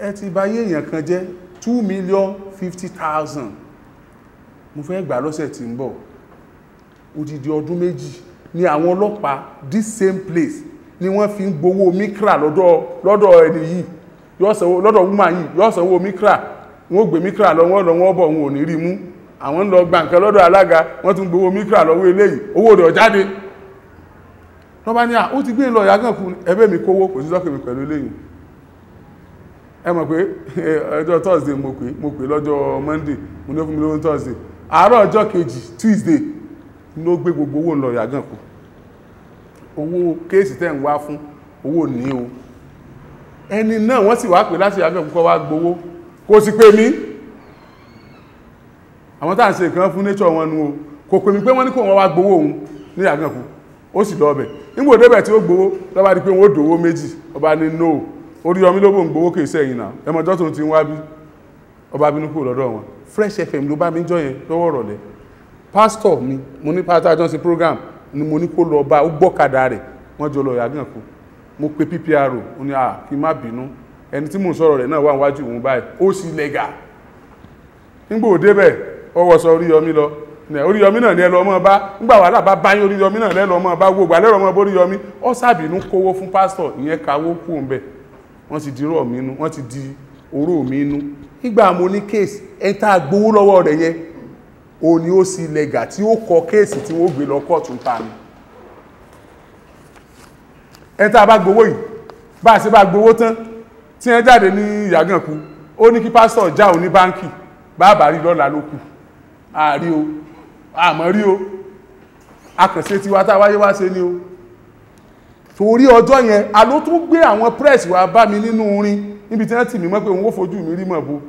náà kí wọ́n million 50,000 mo fẹ́ gbà lọ́sẹ̀ tí ń bọ̀ ni àwọn ọlọ́pàá this same place ni wọ́n fi ń gbowó mikra lọ́dọ̀ lọ́dọ̀ ẹni yìí yóò sanwó lọ́dọ̀ woman yìí yóò sanwó mikra wọn ò gbé mikra lọ wọn lọ wọn bọ̀ wọn ò ní rí mú àwọn ń lọ gba nǹkan lọ́dọ̀ alága wọ́n tún gbowó mikra lọ́wọ́ eléyìí owó rẹ̀ jáde wọ́n bá ní à ó ti gbé e lọ ìyágàn fún ẹbẹ́ mi kówó kò sí sọ́kè mi pẹ̀lú eléyìí ẹ mọ̀ pé ọjọ́ thursday mo pè mo pè lọ́jọ́ monday mo ní fún mi lówó thursday àárọ̀ ọjọ́ kejì tuesday ló gbé gbogbo owó ń lọ ìyágàn kù owó kéèsì tẹ́ ń wá fún owó ní o ẹni náà wọ́n sì wá pè láti abẹ́kùnkọ́ wá gbowó kò sì pè mí àwọn tàà ṣe ìkan fún nature wọn nú o kò pè mí pé wọ́n ní kò wọ́n wá gbowó òun ní àgbẹ̀kù ó sì lọ́ọ̀bẹ̀ nígbò débẹ̀ tí ó gbowó lọ́bá di pé wọ́n dòwó méjì ọba ní no orí ọmí lóbò ń gbowó kè sẹ́yìn náà ẹmọjọ́ tó ti ń wá bí ọba bínú kúrò lọ́dọ̀ wọn Fresh FM ló bá mi jọ yẹn lọ́wọ́ rọ̀lẹ́ pásítọ̀ mi mo ní pásítọ̀ àjọṣe program ni mo ní kó lọ bá ó gbọ́kadà rẹ̀ wọ́n jọ lọ yàgànkù mo pe ppr ó ní à kí n má bínú ẹni tí mò ń sọ̀rọ̀ rẹ̀ náà wà níwájú òun báyìí ó sì lẹ́gà nígbà ò débẹ̀ ọwọ́ sọ lọ Oríyọmí náà ní ẹlọ́mọ bá nígbà wàhálà bá báyìí Oríyọmí náà lẹ́lọ́mọ bá gbogbo alẹ́rọ̀mọ bóríyọmí sàbínú kówó fún pásítọ̀ ìyẹn kawó kú òun bẹ̀ wọ́n ti di rọ̀ mí inú ti di oró mi inú nígbà mo ní kéèsì gbowó lọ́wọ́ ni ó sì lẹ́gà tí ó kọ kéèsì tí wọ́n gbé lọ ẹni tá a bá gbowó yìí bá a ṣe bá gbowó tán tí ẹ jáde ní ìyàgànkú ó ní kí pásítọ̀ já òní báńkì bàbá rí lọ́la ló kù àárí o àmọ́ rí o akànṣe tiwa tá a wáyé wá ṣe ni o torí ọjọ́ yẹn a ló tún gbé àwọn press wa bá mi nínú orin níbi tí wọ́n tì mí mọ́ pé òun ó fojú mi rí mọ̀ bo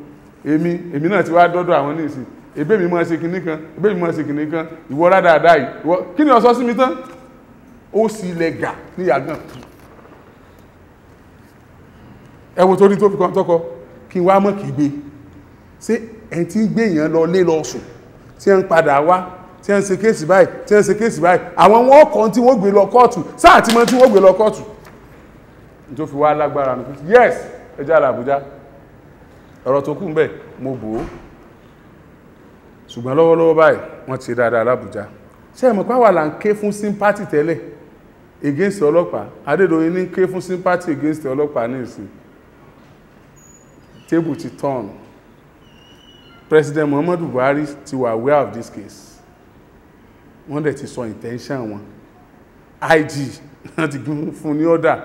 èmi èmi náà ti wá dọ́dọ̀ àwọn ní ìsìn èbé mi ṣe kinní kan èbé mi ṣe kinní kan ìwọ rádàá dáì kí ni ọ̀sọ́ sí mi tán ó sì ilẹ̀ gà ní àgbọn ẹwọ tó ní tó fi kan tọ́kọ kí wá mọ́ kì í gbé ṣé ẹni tí ń gbé èèyàn lọ lé lọ sùn tí ẹ ń padà wá tí ẹ ń ṣe kéèsì báyìí tí ẹ ń ṣe kéèsì báyìí àwọn wọn kàn tí wọ́n gbé lọ kóòtù sáà tí wọ́n tí wọ́n gbé lọ kóòtù tó fi wá lágbára nù yes ẹjá já àbújá ọ̀rọ̀ tó kù ń bẹ̀ mo bò ó ṣùgbọ́n lọ́wọ́lọ́wọ́ báyìí wọ́n ti dáadáa lábújá ṣé ẹ̀mọ̀ pàwà là ń ké fún sympathy tẹ́lẹ̀ against ọlọ́pàá Adédoyin ní ké fún sympathy against ọlọ́pàá ní ìsìn table ti turn President Muhammadu Buhari ti wà aware of this case wọ́n dẹ̀ ti sọ intention wọn IG ti fún ní order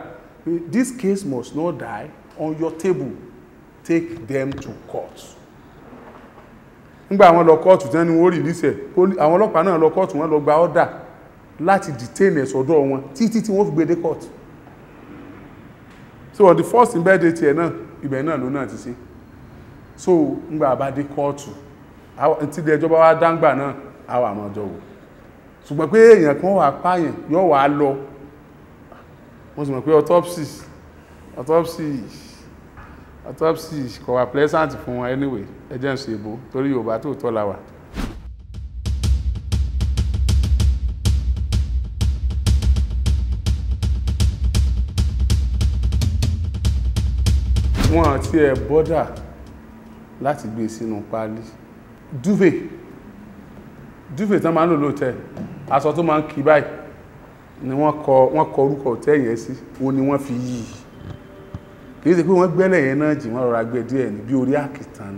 this case must not die on your table take them to court nígbà àwọn lọ kóòtù tán ni wọ́n rìlísẹ̀ àwọn ọlọ́pàá náà lọ kóòtù wọ́n lọ gba order láti detain ẹ̀ sọ́dọ̀ wọn títí tí wọ́n fi gbede court so on the first birthday tiẹ̀ náà ibẹ̀ náà ló náà ti sí so ngbà bá dé kóòtù tí ilé ẹjọ́ bá wá dáńgbà náà àwọn àmọ́ ọjọ́ wò ṣùgbọ́n pé èèyàn kan wà pààyàn yóò wà á lọ wọ́n sì mọ̀ pé autopsy autopsy autopsy kò wà pleasant fún wọn anyway ẹjẹ́ ń ṣe èbó torí Yorùbá tó tọ́ la wà wọn àti ẹ̀ bọ́dà láti gbé e sínú páálí duvet duvet tán máa ń lò lóòtẹ́ aṣọ tó máa ń kí báyìí ni wọ́n kọ wọ́n kọ orúkọ òtẹ́ yẹn sí wọn ni wọ́n fi yí i kì í ṣe pé wọ́n gbẹ́lẹ̀ yẹn náà jì wọ́n rọra gbẹ díẹ̀ ní bí orí àkìtàn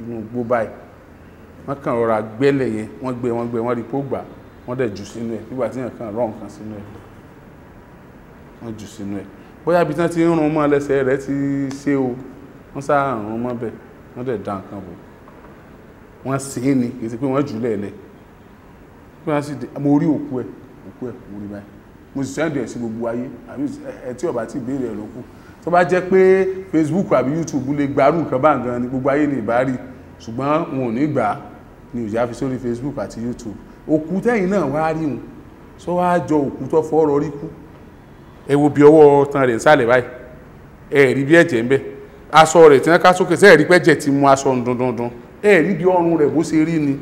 inú igbó báyìí wọ́n kàn rọra gbẹ́lẹ̀ yẹn wọ́n gbẹ wọ́n gbẹ wọ́n rí pó gbà wọ́n dẹ̀ jù sínú ẹ̀ nígbà tí yẹn kàn rọ̀ nǹkan sínú ẹ̀ wọ́n jù sínú ẹ̀ bóyá ibi tí wọ́n ti ń rún mọ́ lẹ́sẹ̀ rẹ̀ ti ṣe o wọ́n sá rún mọ́ bẹ́ẹ̀ wọ́n dẹ̀ dá nǹkan bò wọ́n sì ní kì í ṣe pé wọ́n jù lẹ́ẹ̀lẹ́ pé wọ́n sì dé mo rí òkú ẹ̀ òkú ẹ̀ mo rí báyìí mo sì sẹ́ndì ẹ̀ sí gbogbo ayé àbí ẹ tí ọba tí ìbéèrè ẹ̀ lókù tó bá jẹ́ pé Facebook àbí YouTube lè gbárù nǹkan bá nǹkan ni gbogbo ayé ní ìbárí ṣùgbọ́n wọn ò ní gbà á ni òjá fi sórí Facebook àti YouTube òkú tẹ́yìn náà wá rí wọn sọ wá jọ òkú tó fọ́ ọ̀rọ̀ rí kú ẹ wo bí ọwọ́ tan rẹ̀ nsàlẹ̀ báyìí ẹ rí bí ẹ̀jẹ̀ ń bẹ aṣọ rẹ̀ tí wọ́n ká sókè sẹ́ẹ̀rí pẹ́jẹ̀ ti mú aṣọ dundundun ẹ rí bí ọrùn rẹ̀ bó ṣe rí ni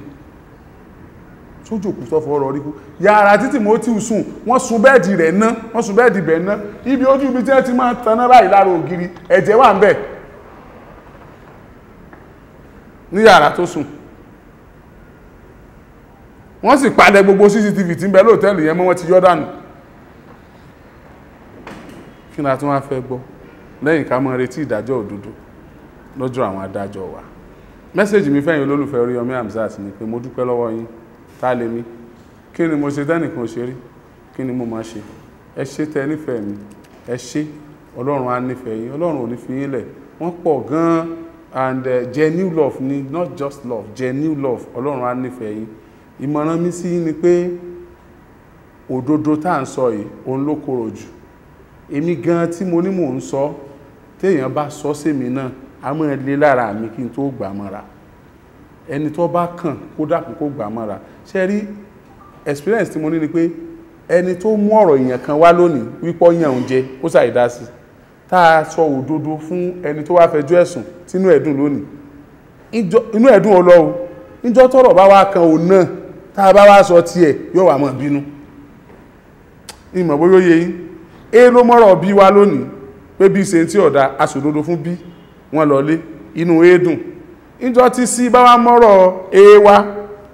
sójú òkú sọ́fọ́ ọ̀rọ̀ rí kú yàrá títí mo ti sùn wọ́n sun bẹ́ẹ̀dì rẹ̀ ná wọ́n sun bẹ́ẹ̀dì bẹ̀ ná ibi ojú ibi tí wọ́n ti máa taná báyìí lára ògiri ẹ̀jẹ̀ wà ń bẹ̀ ní yàrá tó sùn wọ́n sì palẹ̀ gbogbo cctv tí ń bẹ lóòtẹ́ẹ̀lì yẹn mọ́ wọ́n ti yọ́ dànù kí ni a tún wá fẹ́ gbọ́ lẹ́yìn ká mọ retí ìdájọ́ òdodo lọ́jọ́ àwọn adájọ́ wa mẹ́sẹ̀jì mi fẹ́yìn olólùfẹ́ Oríyọmí Hamzat ni pé mo dúpẹ́ lọ́wọ́ yín tá lè mí kí ni mo ṣe dẹ́nìkan ṣe rí kí ni mo máa ṣe ẹ ṣe tẹ nífẹ̀ẹ́ mi ẹ ṣe ọlọ́run á nífẹ̀ẹ́ yín ọlọ́run ò ní fi yín lẹ̀ wọ́n pọ̀ gan-an and uh, genuine love ni not just love genuine love ọlọ́run á nífẹ̀ẹ́ yín ìmọ̀ràn mi sí ni pé òdodo tá à ń sọ yìí òun ló korò jù èmi gan tí mo ní mò ń sọ téèyàn bá sọ sèmi náà a máa lé lára mi kí n tó gbà mọ́ra ẹni tó bá kàn kó dàpọ̀ kó gbà mọ́ra ṣe rí experience tí mo ní ni pé ẹni tó mú ọ̀rọ̀ èèyàn kan wá lónìí wípọ́ yàn oúnjẹ ó ṣàìdá sí tá a sọ òdodo fún ẹni tó wá fẹjọ́ ẹ̀sùn tínú ẹ̀dùn lónìí inú ẹ̀dùn ọlọ́run níjọ́ tọ́rọ̀ bá wá kan òun náà tá a bá wá sọ tiẹ̀ yóò wá mọ̀ bínú ìmọ̀ bóyá yẹ yín a ló mọ́rọ̀ bí wa lónìí pé bí ṣe tí ọ̀dá aṣòdodo fún bí wọ́n lọlé inú a dùn níjọ tí sí bá wá mọ́rọ̀ a wa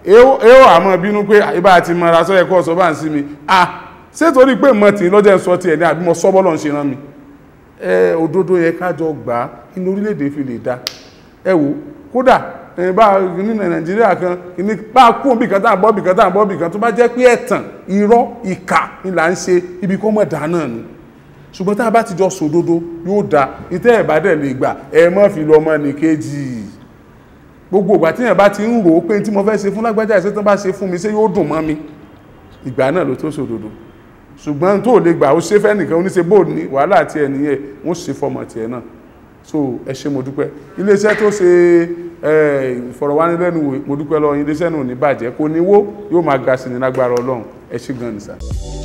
a ó àmọ́ bínú pé ibà ti mọ́ra sọ ẹ̀kọ́ sọ bá ń sí mi ah ṣé torí pé mọ̀ tí lọ́jẹ́ sọ tiẹ̀ ní àbí mo sọ bọ́lọ̀ ń ṣe rán mi ẹ òdodo yẹ ká jọ gbà inú orílẹ̀-èdè fi lè da ẹ kódà bá ní nàìjíríà kan ní bá kú òbí kan tá à ń bọ́ bì kan tá à ń bọ́ bì kan tó bá jẹ́ pé ẹ̀tàn irọ́ ìkà ni là ń ṣe ibi kó mọ̀ dáná ni ṣùgbọ́n tá a bá ti jọ sòdodo yóò da ìtẹ́ ẹ̀ bá dẹ̀ lè gbà ẹ mọ́ fi lọ mọ́ ní kejì gbogbo ìgbà tí yẹn bá ti ń rò ó pé tí mo fẹ́ ṣe fún lágbájá ìṣẹ́ tó bá ṣe fún mi ṣé yóò dùn mọ́ mi ìgbà náà ló tó sòdodo ṣùgbọ́n tó lè gbà ó ṣe fẹ́ nìkan oníṣe bóòdù ní wàhálà tiẹ̀ nìyẹn wọ́n ṣe fọmọ tiẹ̀ náà so ẹ ṣe mo dúpẹ́ iléeṣẹ́ tó ṣe ìfọ̀rọ̀wánilẹ́nuwò mo dúpẹ́ lọ́wọ́ iléeṣẹ́ náà ní bàjẹ́ kò ní wó yóò máa ga sí ní lágbára ọlọ́run ẹ ṣe gan nìsà.